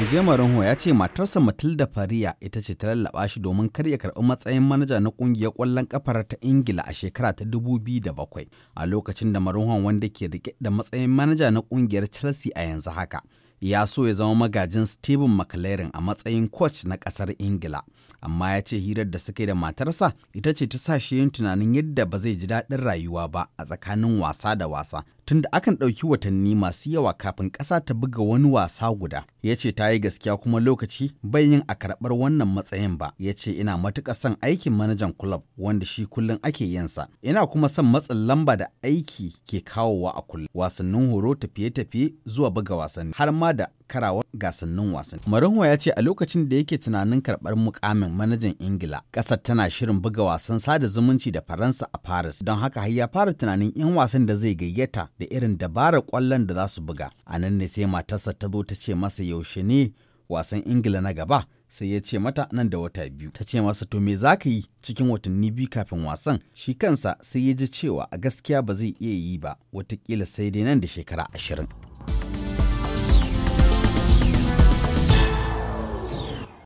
Jose ya ce matarsa Matilda Faria ita ce ta lallaɓa shi domin kar ya karɓi matsayin manaja na ƙungiyar ƙwallon ƙafar ta Ingila a shekara ta 2007 a lokacin da Marinho wanda ke rike da matsayin manaja na ƙungiyar Chelsea a yanzu haka ya so ya zama magajin Stephen McLaren a matsayin coach na ƙasar Ingila. Amma ya ce hirar da suka yi da matarsa ita ce ta sa shi yin tunanin yadda ba zai ji daɗin rayuwa ba a tsakanin wasa da wasa. Tunda akan ɗauki watanni masu yawa kafin ƙasa ta buga wani wasa guda. Ya ce ta yi gaskiya kuma lokaci bai yin a karɓar wannan matsayin ba. Ya ce ina matuƙar son aikin manajan kulob wanda shi kullum ake yinsa. Ina kuma son matsin lamba da aiki ke kawowa a kullum. Wasannin horo tafiye-tafiye zuwa buga wasanni har ma da karawar gasannin wasanni. Marinho ya ce a lokacin da yake tunanin karɓar mukamin manajan Ingila, ƙasar tana shirin buga wasan sada zumunci da Faransa a Paris, don haka har ya fara tunanin 'yan wasan da zai gayyata da irin dabarar kwallon da za su buga. A nan ne sai matarsa ta zo ta ce masa yaushe ne wasan Ingila na gaba, sai ya ce mata nan da wata biyu. Ta ce masa to me za ka yi cikin watanni biyu kafin wasan? Shi kansa sai ya ji cewa a gaskiya ba zai iya yi ba, watakila sai dai nan da shekara ashirin.